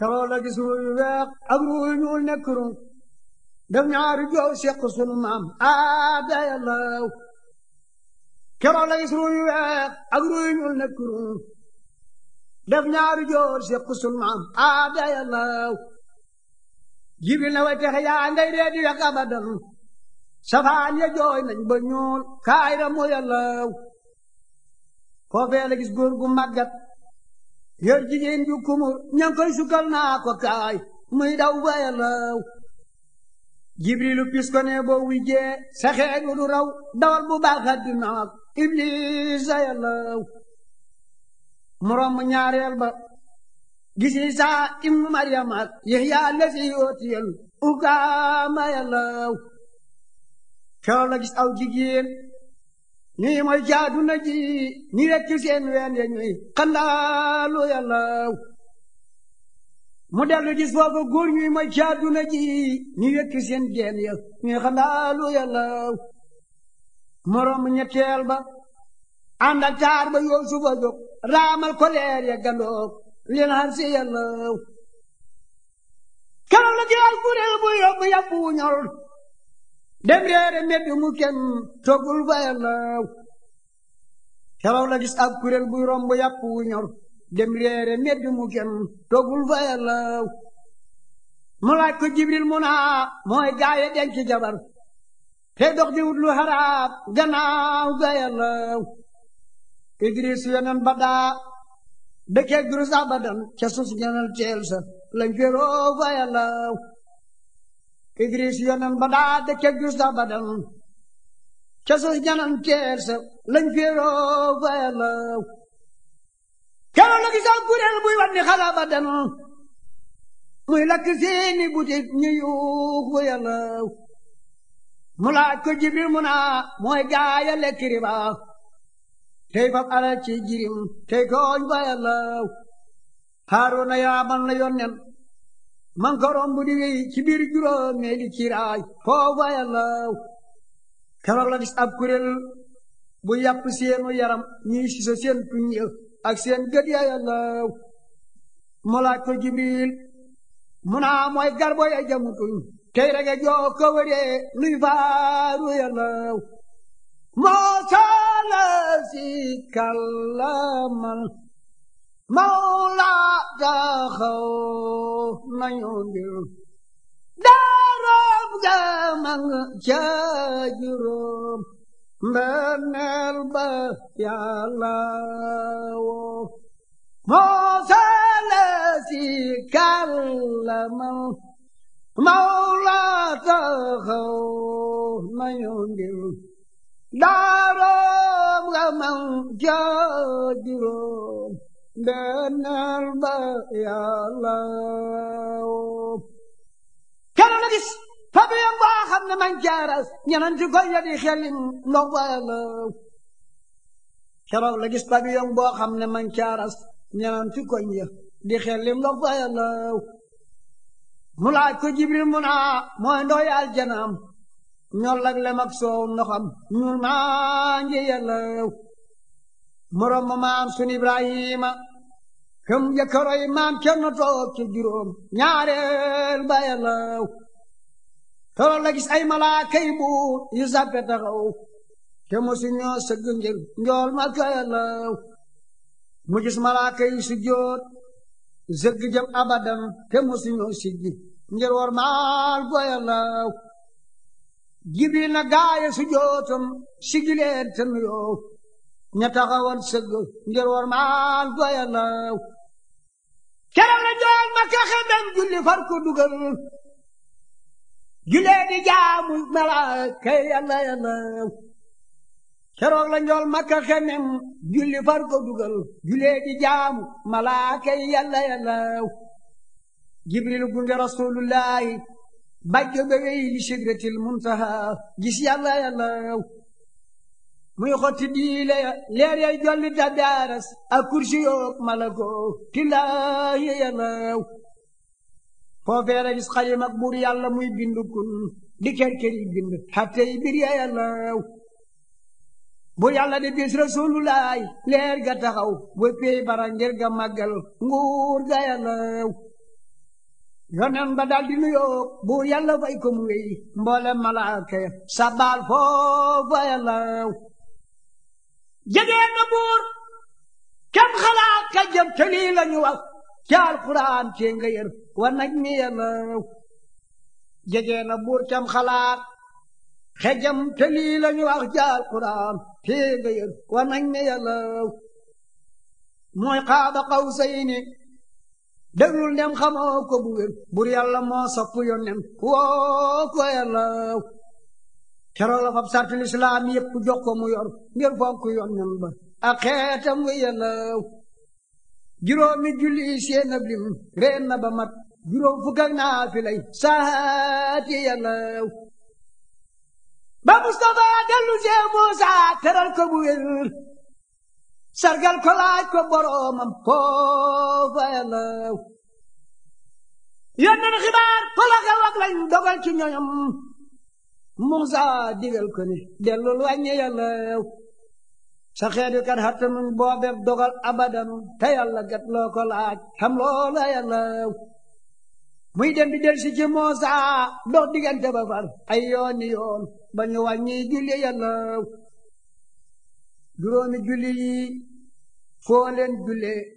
ترى لك اسمه يباق يقول نكرم دم يعرجو شق سلمام آبا آه، يلاو ترى لك اسمه يباق أبو يقول نكرم دم يعرجو شق سلمام آبا آه، يلاو جبل وتحيا عندي ريدي لقبدا safaan ya jooy nañ ba ñuul kaayra mu yàllaw foofee la gis góor gu yor jigéen ju kumur ña koy sukkal naa ko kaay muy daw ba yàllaw jibrilu pis ko boo wijjee sa du raw dawal bu baax addinaak iblis a yàllaw mu romb ñaareel ba gis Isaa ibnu Maryam ak Yahya lesi ootiyel ukaama yàllaw keroog la gis aw jigéen ñuy mooy jaadu na ji ñi wet ci seen ween ya ñuy xandaalu yàllaw mu dellu gis foofa góor ñuy mooy jaadu na ji ñi wet ci seen geen ya ñuy xandaalu yàllaw moroom ba ànd taar ba yoo suba jóg raamal ko leer ya gandoog lin xar si yàllaw keroog la jëlaat bu yóbbu yàpp wu dem reere meddi mu kenn toggul fa yàllaaw xelaw la gis ab buy romb yàpp wu ñor dem reere meddi mu kenn toggul fa yàllaaw mu laaj ko jibril mu naa mooy gaaye denc jabar tey dox di wut lu xaraam gannaaw ga yàllaaw idris yonen ba daa dëkkee durus abadan ca suuf ñenal teel sa lañ feroo fa yàllaaw Idris yonan ba daa dëkk jus da badan ca sos janam keersa lañ féeroo fa yàllaw keroon la gisal kuréel buy wat ni xala badan muy lakk seeni butit ñu yuux fa yàllaw mu laaj ko Jibril mu naa mooy gaaya lekk riba tey fab alal ci jirim tey tooñ fa yàllaw Haaruna yaaban la yonnen man ko romb di wéy ci biir juróomeeli kiiraay foofa yàllaw keroog la gis ab kuréel bu yàpp seenu yaram ñuy siso seen tuñ ya ak seen gët ya yàllaw mu laaj ko jibril mu naa ah, mooy garbo ya jamutuñ tey rege joo ko luy faaru yàllaw moo sala si kallamal Mawla jaxaw nañu mbir daarob ga mang ca juróom mbeneel ba moo sele si kàllamal Mawla jaxaw nañu mbir daarob ga mang ca benar ya law kenn la gis fab yam ba xam ne ya di xelin lo kalau lagi la yang fab yam boo xam ne man ya di xelin lo wala mu laaj ko jibril mu naa mooy ndooy aljanaam ñol ak lem ak soow sun këm jëkkëray maam cerno toog ca juróom ñaareel ba yàllaw tolol la gis ay malaaka buur yu sàppe taxaw te ñoo sëgg ngir njool ma ka mu gis malaaka yi su jóot abadan te ñoo siggi ngir war maal ko yàllaw jibril na gaaya su jóotam siggi leen نتغول سقو ندير ور مع الفيلاو كلام لجوال ما كخدم قل لي فرقو دقل قل لي جام ملاك يا الله يا الله كلام لجوال ما كخدم قل لي فرقو دقل قل لي جام ملاك يا الله يا الله جبريل قل رسول الله بجو بغي لشجرة المنتهى جس يا الله يا الله muy xotti diile leer yay jolli ta daaras ak kursi yoog malakoo tilaahi ya naaw foofee la gis xalim ak buur yàlla muy bind kun di kerkeri bind xattey bir ya ya naaw buur yàlla di bis rasulullaay leer ga taxaw wéppéy bara ngir ga màggal nguur ga ya naaw yonen ba daal di nuyoo buur yàlla fay ko mu wéy mboolem malaaka ya sabaal foofa ya laaw jegee na buur kenn xalaat ka jëm te lii la ñu wax ci alquran nga yër wa naj mi yelaw jegee na buur kenn xalaat ka jëm te lii la ñu wax nga yër wa naj mi yelaw mooy xaaba qawsayni déglul ndem xamoo ko bu wér bur yàlla moo sopp yónnem woo ko yelaw keroo la fab sartul islaam yëpp ku jox mu yor ngir fonk yoon ñun ba ak xeetam wi yenaaw juróomi julli seen ab lim reen na ba mat juróom fukk ak naa fi lay ba Mustafa dellu see Muusa teral ko bu wér sargal ko laaj ko boroomam foofa yenaaw yónneen xibaar ko la xew ak lañ dogal ci ñoñam Muusaa digal ko ni dellul wàññi yàlla yow sa xeet wi kat xattanun boobeeb dogal abadanun te yàlla gat loo laaj xam loola yàlla yow muy dem del si ci Muusaa dox diggante ba far ay yooni yoon ba ñu wàññi julli yàlla yow juróomi julli yi foo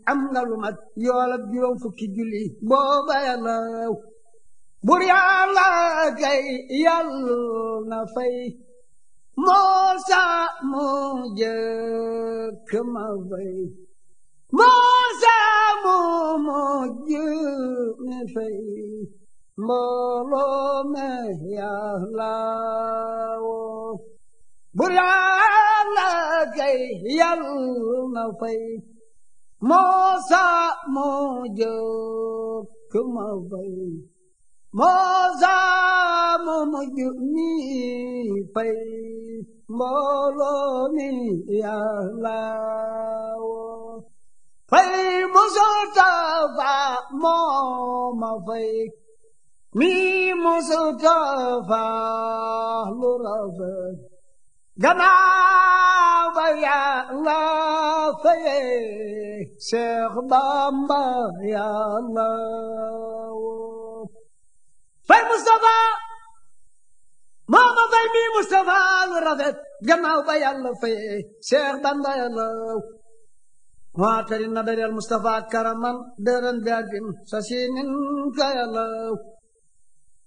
am nga lu mat yoolab juróom fukki julli booba yàlla yow 不良了给呀路那飞，莫啥莫也可嘛飞，莫啥莫莫也没飞，莫罗没呀啦哦，不良了给呀路那飞，莫啥莫也可嘛飞。mô ra mô mô dự ni phây mô lô ni à la phây mô sơ tra và mô mà phây mi mô sơ tra và lô ra phây gana và ya la phây sơ ba ya la فالمصطفى ما مضى بي مصطفى الورثة جمعوا بيالله في شيخ بندا يالله وآخر النبي المصطفى كرما درن بيادم سسين كيالله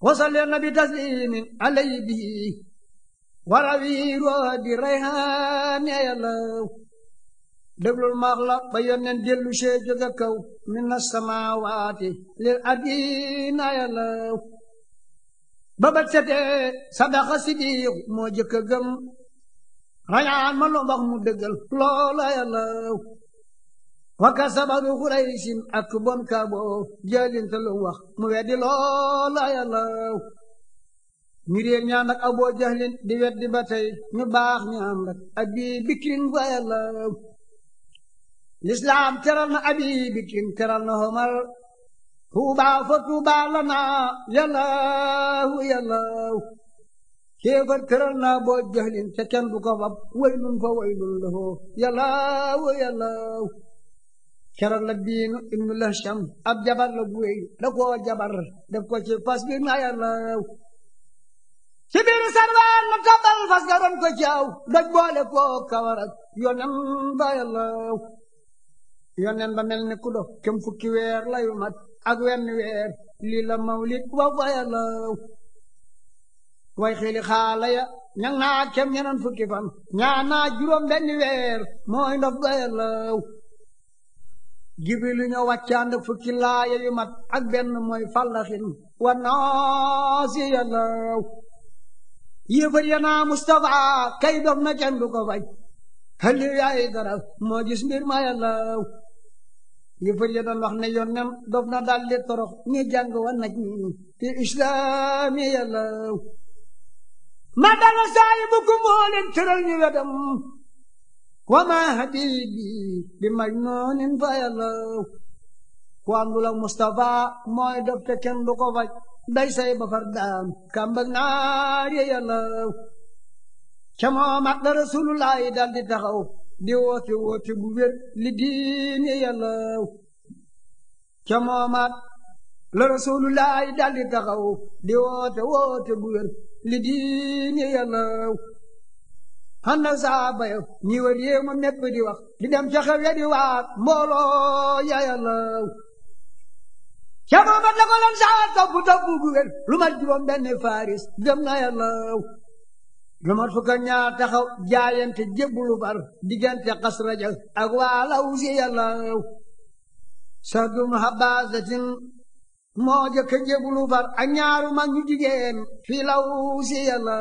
وصل النبي تسليم علي به وروي رواد ريحان يالله دبل المغلى بيان ديلو شيء جدكو من السماوات للأدين يالله ba bët setee eh, eh, sadaqa sidiq moo jëkk a gëm rañaan ma lu mbax mu dëggal loola yàllaw wakka sabaru xuraysin ak bon kaabo jëlinta lu wax mu weddi loola yàllaw ñu réer ñaan ak aboo jahlin di weddi ba tey ñu baax ñaan ak abi bikrin ba yàllaw lislaam teral na abi bikrin teral na homar طوبى فطوبى لنا يا الله يا الله كيف ذكرنا بو جهل تكن بقبب ويل فويل له يا الله يا الله keroog la diinu ibnu lasham ab jabar la buwéy da koo jabar def ko ci fas bi na yàllaw ci biir sarwaan la tabal fas ga doon ko caaw doj boole koo kawarak yonen ba yàllaw yonen ba mel ni ku dof kem fukki weer layu mat ak wenn weer lii la mawlid wa wayalaw way xili xaala ya ñang naa kem ñeneen fukki fan ñaa naa juróom benn weer mooy ndof wayalaw jibrilu ñoo wàccaand fukki laaya yu mat ak benn mooy fallaxin wa naasi yalaw yéefar ya naa Mustafa kay dof na kenn du ko faj xëlliw yaay dara moo gis mbir ma yalaw yëfër ya doon wax ne yoon dof na daal di torox ñi jàng wa naj fi islaami yàlla ma dala saayi bu ku moo leen tëral wa ma habibi bi majnuunin fa yàlla ku àndul ak mooy dof te kenn du ko faj day say ba far daam kàmbag naar ya yàlla ca moom ak la rasulullaahi daal di taxaw di woote woote bu wér li diine yàllaw ca moomaat la rasulullahi daldi taxaw di woote woote bu wér li diine yàllaw xanna saaba ya ñi wër yéemu mépp di wax di dem ca xew ya di waat mbooloo ya yàllaw ca moomaat la ko lan saa topp bu wér lu mat juróom benn faris dem na lu mat fukk ñaar taxaw jaayante jébbulu bar diggante xasraja ak waalaw si yàlla sax dum habasatin moo jëkk jébbulu bar ak ñaaru mag ñu jigéen fii law si yàlla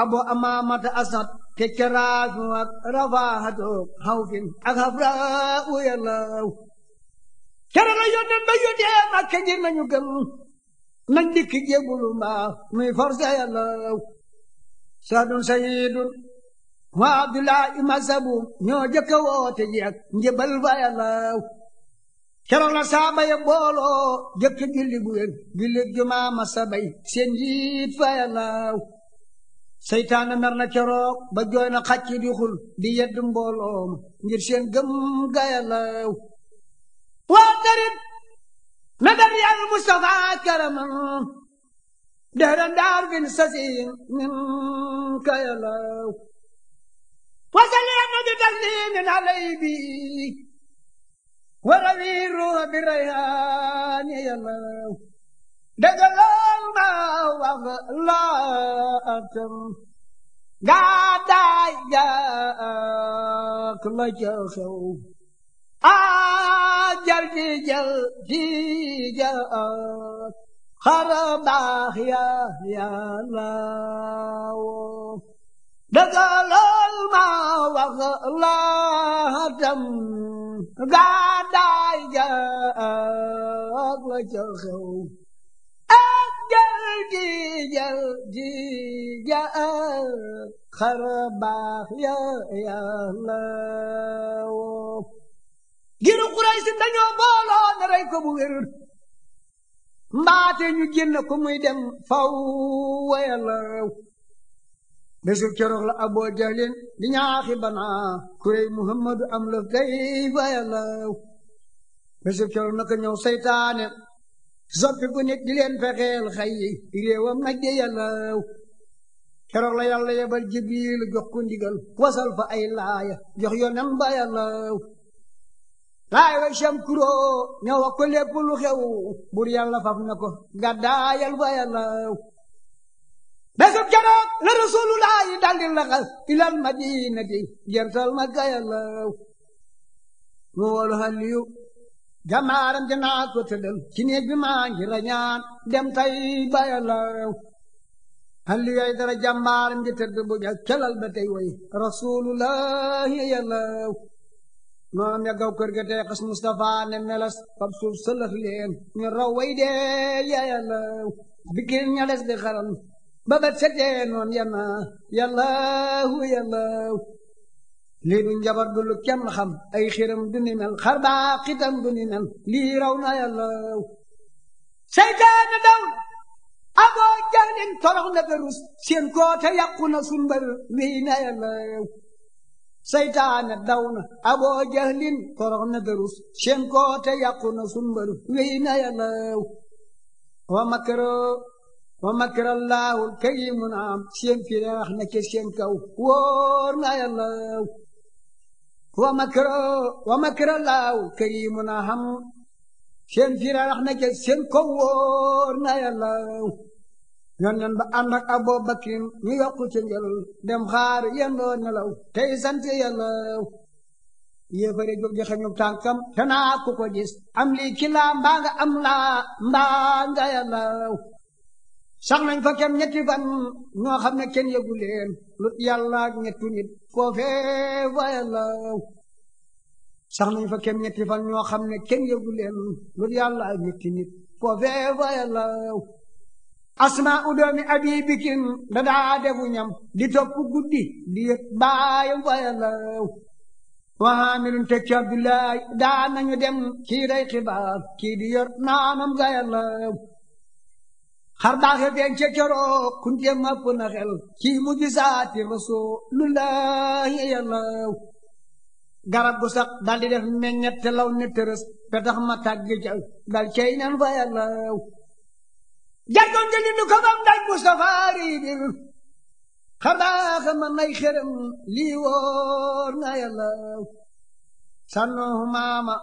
abo amaamata asat te caraas mu ak rafaahatoog xawfin ak xafraa u yàlla kere la yónneen ba yónnee makka ngir nañu gëm nañ dikk jébbulu mbaa muy forcé yàlla Saadu Seydou waa Abdoulaye Masabu ñoo jëkk a woote jeeg njëbal fa yàllaaw keroog la saaba ya booloo jëkk julli bu wér julli jumaa Masabay seen njiit fa yàllaaw seytaane mer na keroog ba jooy na xàcc di xul di yedd mbooloom ngir seen gëm ga yàllaaw waa tarit na dar yàlla Mustafa karaman دهرن دارجن سسين منك يا الله وسلم علي بي وغفير بريان يا الله دجلال ما وغلا أتم قاد يا ما جخو آجر جل جل جل xarabaax ya yàllaawo dëggalal ma wax laatam gàddaay ja la ca xew ak jël ji jël ji ja xarabaax ya yàllaawo giru Quraysh dañoo booloo na rey ko bu wér mbaate ñu génn ko muy dem faw wayalaw bésul keroog la aboo jalin di ñaaxi bana kuréy muhammadu am la tey wayalaw bésul keroog naka ñëw seytaane soppi ku nit di leen fexeel xay réewam nag de yalaw keroog la yàlla yebal jibiil jox ko ndigal wasal fa ay laaya jox yonam ba yalaw taay way cam kuroo ñoo wax ko lépp lu xew bur yàlla faf na ko gàddaayal fa yàlla bésub keroog la rasulullaahi daldi laxas ilal madinati jertal makka yàlla mu woolu xaliyu jamaaram dinaa ko tëddal ci néeg bi maa ngi rañaan dem tay ba yàlla xaliyu ay dara jamaaram di tëdd bu jag calal ba tey way rasulullaahi yàlla نعم يا جو كرجت مصطفى نملس فبسو سلخ لين نروي يا يلا بكين يا لس بابا سجين ون يما يلا هو يلا لي من جبر قول لك يم خم اي خيرم دني من خربا قتم دني من لي رونا يلا سيدان دون ابو جان ترغ نبروس سينكوت يقونا سنبر لينا يلا saytaane daw na aboo jahlin coronavirus seen koote yàqu na sumbalu wéy na yalaw wa makaroo wa makarallaahu kariimun am seen file na ci seen kaw wóor na yalaw wa makaroo wa makarallaahu kariimun am seen file na ci seen kaw wóor na yalaw yónneen ba ànd ak Abubakar ñu yokku ci njël dem xaar yendoo nelaw tey sant yàlla yéefare jóg joxe ñu tànkam te naa ku ko am lii ki laa am laa mbaa nga yàlla nañ fa kem ñetti fan xam ne kenn yëgu yàlla ak ñetti nit foofee fa fa fan ñoo xam ne kenn yëgu leen lu yàlla ñetti nit foofee fa yàlla asmaa doomi abi bikin dadaa defu ñam di topp guddi di yëg baayam fayalaw waamilun tekki abdullahi daa nañu dem kii day xibaar yor naanam gayalaw xar baaxe feeñ ca coroo kunte mapp na xel kii mu gisaati rasulullahi garab gu dal di def meññet te law ne tërës petax ma tàggi ca dal cey nen fayalaw جردون جلدو كمام داي مصطفى ريدر خدا خمم نای خرم ليور نای الله سنو ماما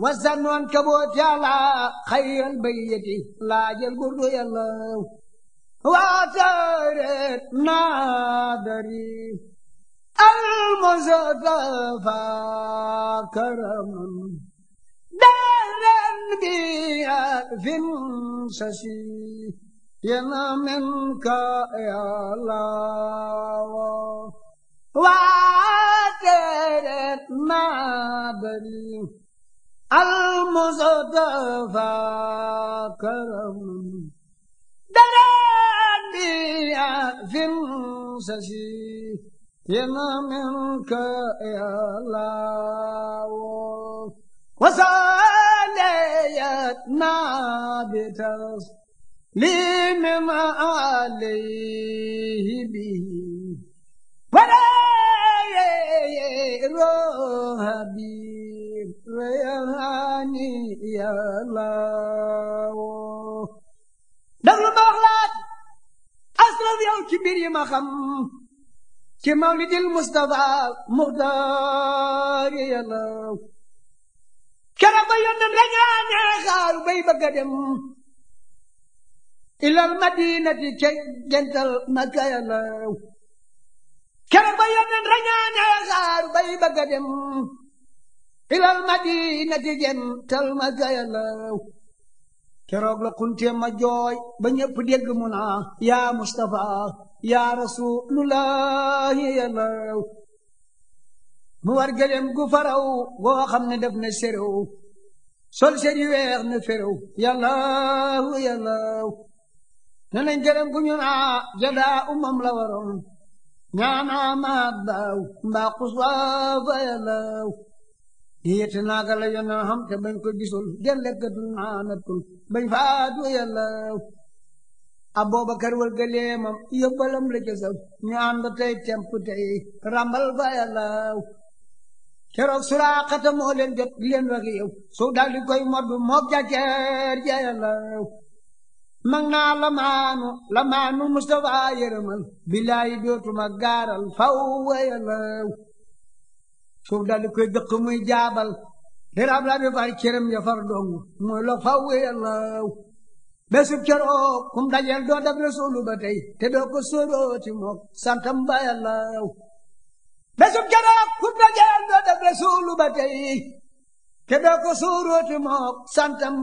وزنو انكبوت يالا خير بيتي لا جل قردو يالا واتارت نادري المصطفى كرم بألف ششي ينا منك يا الله وعترت ما بري المصطفى كرم دراني في ششي ينا منك يا الله ما عليه به ولا حبيب ويهاني يا الله دل بغلاد اصل اليوم كبير ما خم كمولد المصطفى مغدار يا الله kera ba yónneen rañaane xaaru bay bëgg a dem ilal madinati ke gental makka ya law kera ba yónneen rañaane xaaru bay bëgg a dem ilal madinati gental makka ya law keroog la kuntee ma jooy ba ñëpp dégg mu naa yaa Mustafa yaa Rasulullahi ya law موارجلم غفرو وخم ندب نسرو سول سيري وير نفرو يا الله يا الله نانن جلم غنيون ا جدا امم لا ورون نانا ما داو ما قصوا يا الله هيت ناغل ين هم تبن كو جيسول دلك دنانكم بين فادو يا أبو بكر والقليم يبلم لجزو نعم بطي تيم رمال بايا الله كرو سرا قدم هولن جت لين وغيو سو دالي كوي مرد موك جاجير جايلو مغنا لمانو لمانو مستوى يرمل بلاي بيوتو مغار الفو ويلو سو دالي كوي دقمي جابل دير عبد الله بن كرم يفر دوغ مو لو فاو ويلو بسب كرو كوم داجل دو دبل سولو باتاي تدوكو سورو تي موك سانتم بايلو بسوب جرا كنت جاند هذا الرسول بتي كبرك سورة ما سنتم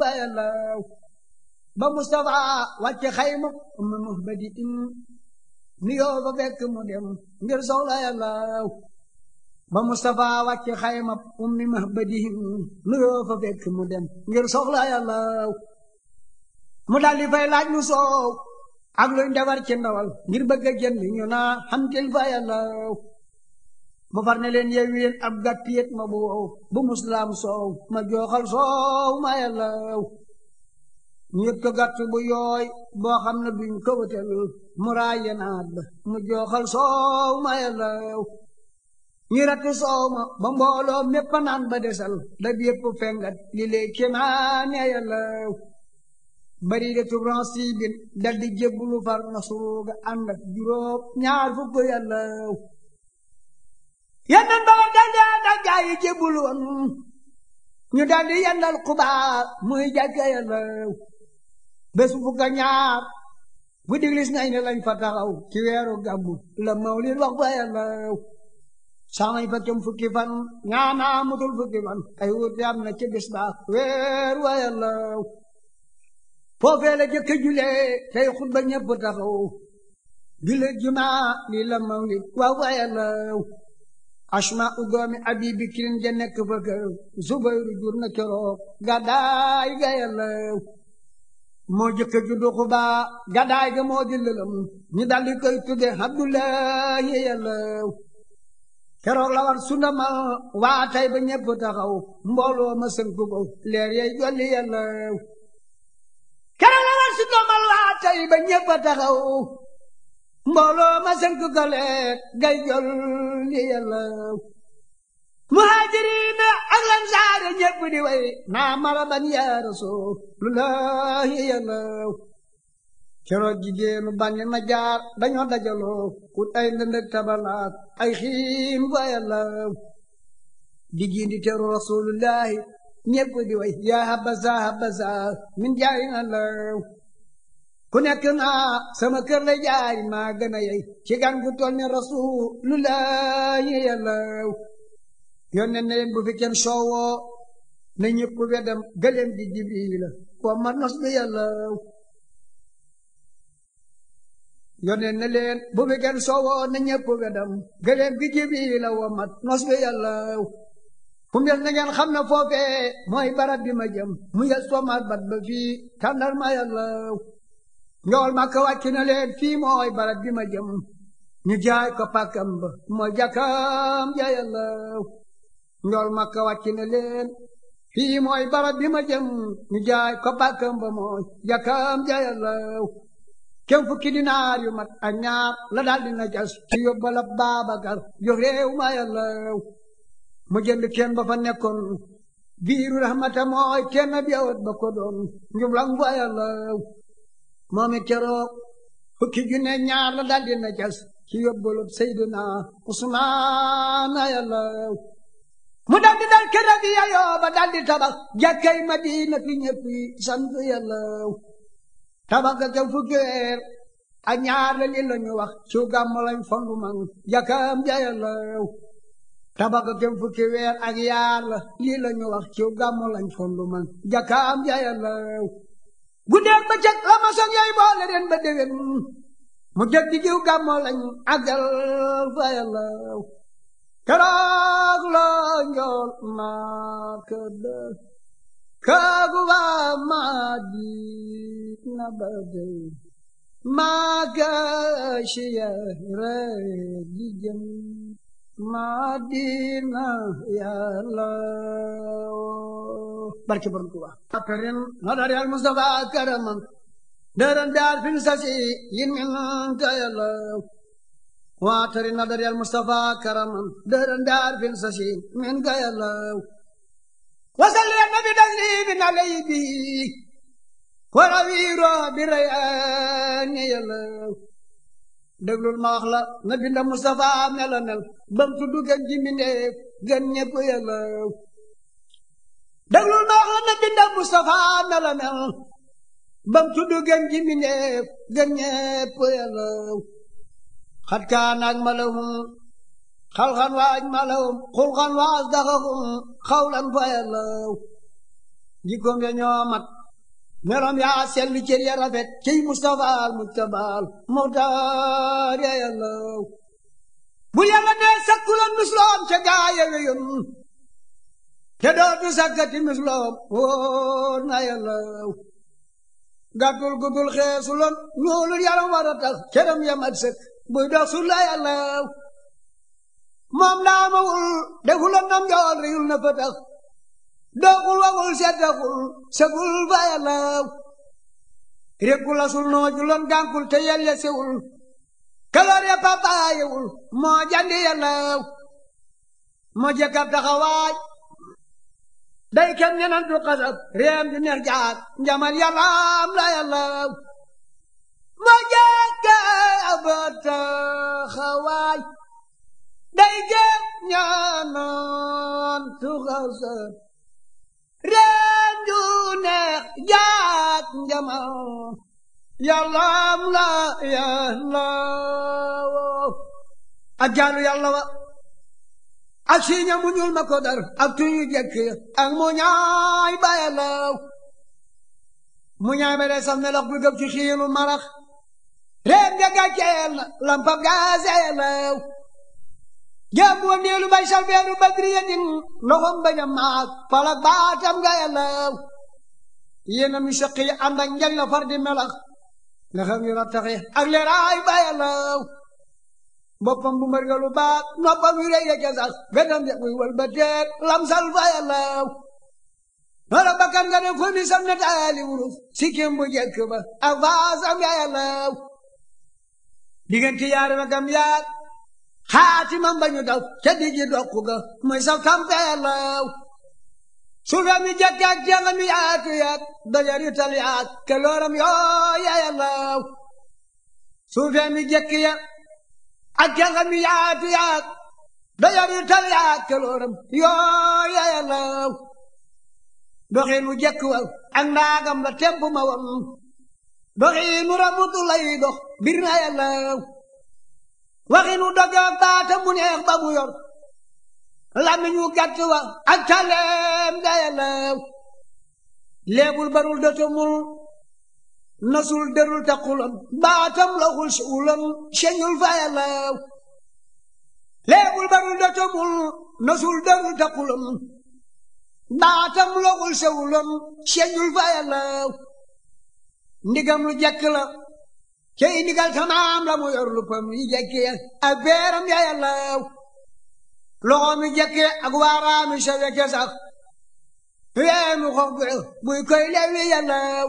بيلاو بمستضع وجه خيم أم مهبدي إن نيوب بك مدم مرزولا يلاو بمستضع وجه خيم أم مهبدي إن نيوب بك مدم مرزولا يلاو مدالي فيلاج نصوب ak luñ defar ci ndawal ngir bëgg a jënd ñu naa xamtil fa yàlla mu far ne leen yeewu yéen ab gàtt yét ma bu wow bu muslaam soow ma jooxal soow ma yàlla ñu yët ko soow ma yàlla ñu ratt ba naan ba desal da bi yépp fengat li léeg ci bari de tubran siibin dal jébbulu far nasuruga ànd ak juróom ñaar fukk yàlla yennan ba dal di ànd ak jébbulu ñu daldi di yendal xubaa muy jàkka yàlla bés fukk ñaar bu diglis nay lañ fa taxaw ci weeru gàmmu la mawlid wax ba yàlla sànq fa kem fukki fan ñaanaa mutul fukki fan ay wut am na ci bis weer wa yàlla foofee la jëkk julee tey xutba ñëpp taxaw julli jumaa lii la mawlid waaw waaye law asma u doomi bikirin ja nekk fa kër zubayru jur na keroog gadaay ga yàllaw moo jëkk juddu xubaa gadaay ga moo di lëlëm ñu daldi koy tudde abdullahi yàllaw la war sunda ma waa tey ba ñëpp taxaw mbooloo ma sënku leer yay jolli yàllaw si ndomal waa tey ba ñëpp a taxaw mbooloo ma sënk goleet gay jol li yàlla muhaajiriina ak lansaare ñëpp di way naa maraban yaa rasuulullaah yàlla keroog jigéenu bànni na jaar dañoo dajaloo ut ay ndëndëg tabalaat ay xiim fa yàlla digindi teru rasuulullaahi ñëpp di way yaa habasa habasa min jaayin allah ku nekk naa sama kër lay jaay maa gën a yey ci gan gu toll ni rasulullahi yàllaw yónnee na leen bu fi kenn soowoo na ñëpp weddam gëleen di jibril la bi yàllaw soowoo na ñëpp weddam gëleen di jibril la wa ma nos bi yàllaw fu mbir na ngeen xam ne foofee mooy barab bi ma jëm mu yës soomaat bat ba fii tàndar ma yàllaw njool makka wàcc leen fii mooy barab bi ma jëm ñu ko pàkkam ba mooy jàkkam ja yàlla njool makka wàcc leen fii mooy barab bi ma jëm ñu jaay ko pàkkam mooy jàkkam ja yàlla fukki dinaar yu mat ak la daal dina jas ci yóbbala Baabakar jox réew ma mu jënd kenn ba fa nekkoon biiru raxmata mooy kenn bi awat ba ko doon njublang wa moom it keroog fukki junne ñaar la daldi na jas ci yóbbalub Seydina Usmaan yàlla mu daldi dal kër bi yayoo ba daldi tabax jàkkay Madinatu ñëpp yi sant yàlla tabax ga ca fukki weer ak ñaar la li wax su gàmm lañ fondu man jàkkaam ja la lii la wax su lañ fondu ba bëccëg la ma soñ yooyu boole leen ba déwén mu jóg di jiw gàmmoo lañ àggal fa yàlla keroog loo njool maa këdd këgu wa ma di na ba dey maa ya kë ci yëre di jëm madina yàlla barke borom Tuuba akarin hadar yal mustafa karaman daran daar fi sasi yimminta yàlla waatarin hadar yal mustafa karaman daran daar fi sasi minka yàlla wasalli nabi dasli bin alaybi warawi ro bi rayani yàlla déglul ma wax la na binda Mustafa mela bam tudd gën ji gën ñëpp yëlëw déglul ma wax la na binda Mustafa mela bam tudd gën ji gën ñëpp yëlëw xat kaanaag malahum xalxan wa aj malahum xulxan wa asdaxahum xawlan fa yëlëw jikkoom ya ñoo meloom yaa sell cër ya rafet ciy mustafaal mujtabaal muxtaar ya yàllaw bu yàlla dee sakkuloon misloom ca gaaya weyun te dootu sakkati misloom wóor na yàllaw gàttul guddul xeesuloon ñuulul yaram a tax cëram ya mat sëkk buy dox su la yàllaw moom daa ma wul defuloon nam njool reyul na fa doogul wagul seddagul segul bayalaw réggul asul noojuloon gànkul te yelle sewul këlër ya papaayewul moo jandi yalaw moo jëkkab taxawaay day kem ñenan du xasab réem di neex njamal yalaam la yalaw moo jëkkab taxawaay day kem ñenan du ne jaat njamal yàllaam la yàllaawo ak jaalu yàlla wa ak siiña mu ñuul ma ko dar ak tuñu jekk ak mu ñaay ba mu ñaay ba day saf ne bi gëb ci xiinu marax réem ga gàcceel lampam gaaseelaw jéem woon neelu bay salbeeru badriya din loxom bañ a maag baatam ga yéena mi sëq yi ànd ak melax nga xam yu rattaxi ak leeraay bàyyalaw boppam bu mërgalu baat noppam yu rëy yëcca sax bedam ja muy wal ba teeg lamsal bàyyalaw noora bakkan nga ne foni sam ne taali wuruf sikkim bu jekk ba ak faasam bàyyalaw diggante yaari rakam yaar xaatimam ba daw ca diggi dokku ga mooy saf tam bàyyalaw suufam yi jag jag jangam yaak yaak dajar yu tal yaak kelooram yooya yallaaw suufam yi jekk ya ak jangam yaak yaak dajar yu tal yaak kelooram yooya yallaaw doxin wu jekk wa ak ndaagam la temp ma wam doxin wu rabutu lay dox bir na yallaaw waxin wu dogoog baata bu neex ba mu yor làmmiñ wu gàtt wa ak càlleem gayalaw léebul barul dotumul nasul derul taqulam baatam laxul siwulam señul fayalaw léebul barul dotumul nasul derul taqulam baatam laxul siwulam señul fayalaw ndigam lu jekk la cey ndigal tamaam la mu yor pam yi jekk ya ak beeram loxo mi jekke ak waaraami sewe ca sax yee mu xox buy koy lewi yàllaw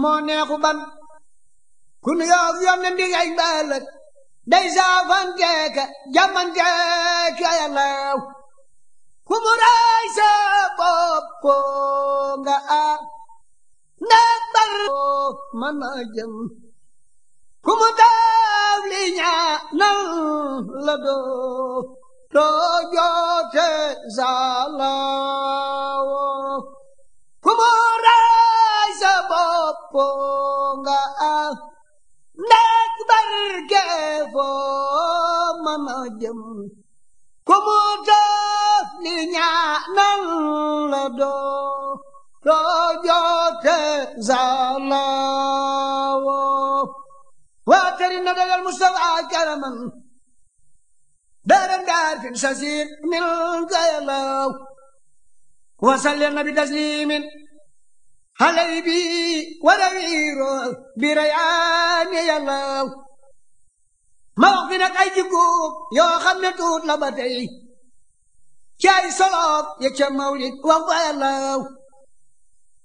moo neexu ban ku nu yoog yonne ndigay baalëg day saafanteeka jamanteeka yàllaw ku mu raay sa boppoo nga a ndax bar man a jëm ku mu daaw li ñaanal la doo doo joote salaawo ku mu raay sa bopp nga jëm ku mu daaw li ñaanal la doo doo joote وأتر الندل المستضعف كرما دار دار في سسير من يا الله النبي بتسليم علي بي ونوير بريان يا الله موقنك أيكوك يا خمتوت لبدي كاي صلاة يا مولد وقال الله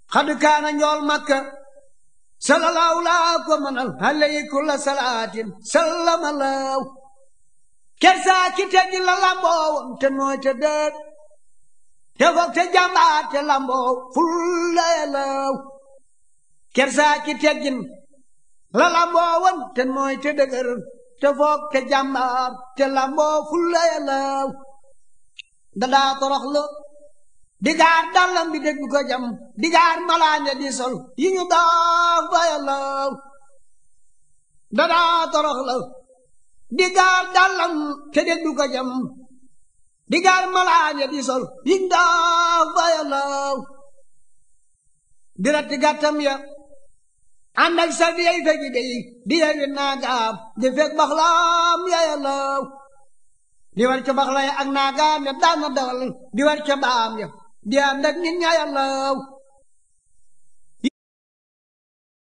قد كان يوم مكة sallallahu laa ko salaatin sallama laaw kersaa ki te la lamboowoon te nooy te déet te foog te jàmbaar te lamboow fulla ya laaw kersaa ki teggin la lamboowoon te nooy te dëgër te foog te jàmbaar te lamboow fulla ya laaw dadaa toroxlu di gaar dalam bi dégg ko jam di ya, gaar malaane ya. di sol yi ñu da ba da da torox la di gaar dalam te dégg ko jam di gaar malaane ya, di sol yi ñu da ba yalla di rat gatam ya ànd ak sa vieille fegi de di yewi naagaam di fek baxlaam ya yalla di war ca baxla ya ak naagaam da na dal di war ci baam ya 别的人家要老。